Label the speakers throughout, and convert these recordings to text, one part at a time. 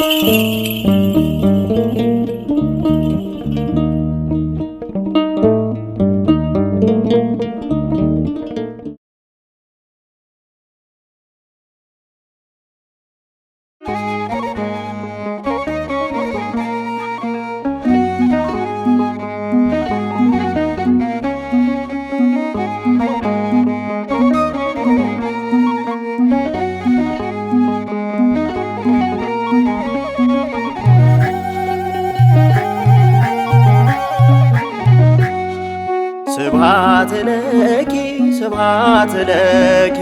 Speaker 1: you. ስብሐት ለኪ ስብሐት ለኪ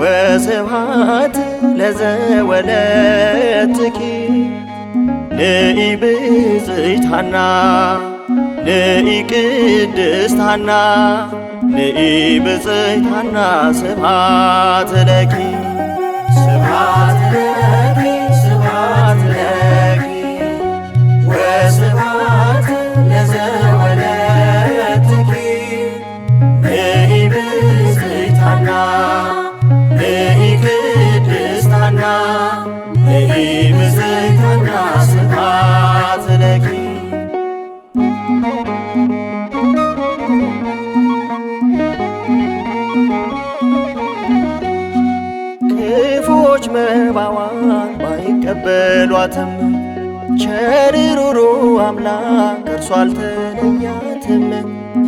Speaker 1: ወስብሐት ለዘወለትኪ ንኢ ብፅዕት ሐና ንኢ ቅድስት ስብሐት ለኪ አይጥሏትም። ቸርሩሩ አምላክ እርሶ አልተለያትም።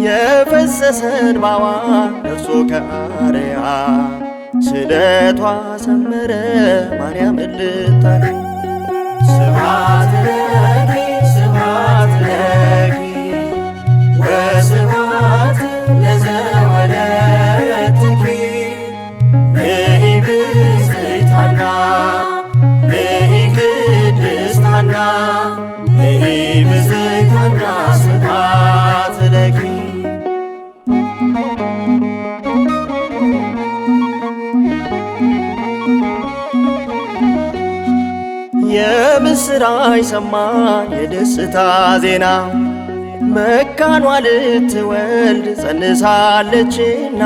Speaker 1: የፈሰሰ እንባዋ እርሶ ከአርያ ስለቷ ሰመረ ማርያም ልታሽ
Speaker 2: ስብሐት ለኪ ስብሐት ለኪ አትለኪ
Speaker 1: የምስራች ሰማ የደስታ ዜና መካኗ ልትወልድ ጸንሳለችና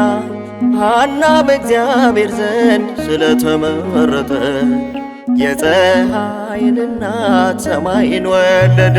Speaker 1: ሐና በእግዚአብሔር ዘንድ ስለተመረጠች የፀሐይን እናት ሰማይን ወለደ።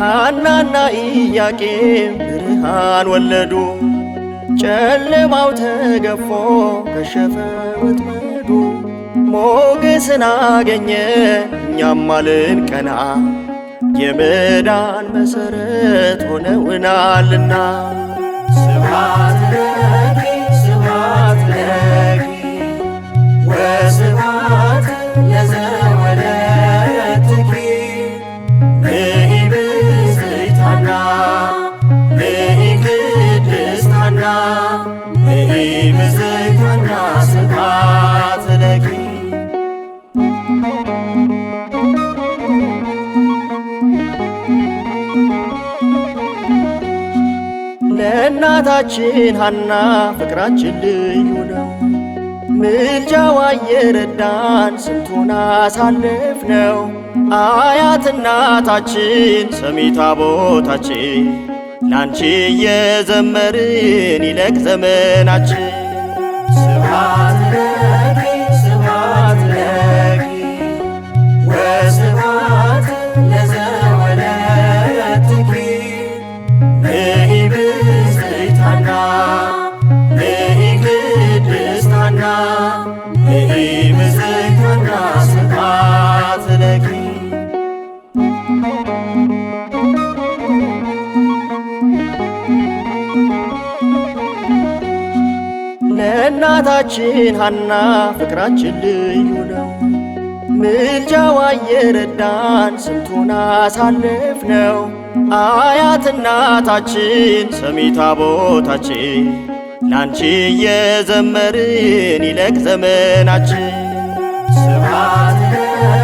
Speaker 1: ሐናና ኢያቄም ብርሃን ወለዱ። ጨለማው ተገፎ ከሸፈ ወጥመዱ። ሞገስን አገኘ እኛም ማልን ቀና የመዳን መሰረት ሆነውናልና
Speaker 2: ስብሐት ብዝትና ስብሐት
Speaker 1: ለእናታችን ሐና ፍቅራችን ልዩ ነው። ምልጃዋ የረዳን ስንቱን ነው! አያት እናታችን ሰሚታ ቦታችን ላንቺ የዘመርን ይለቅ ዘመናችን
Speaker 2: ስብሃት
Speaker 1: እናታችን ሀና ፍቅራችን ልዩ ነው። ምልጃዋ የረዳን ስንቱን አሳልፍ ነው አያት እናታችን ሰሚታ ቦታችን ላንቺ የዘመርን ይለቅ ዘመናችን
Speaker 2: ስብሐት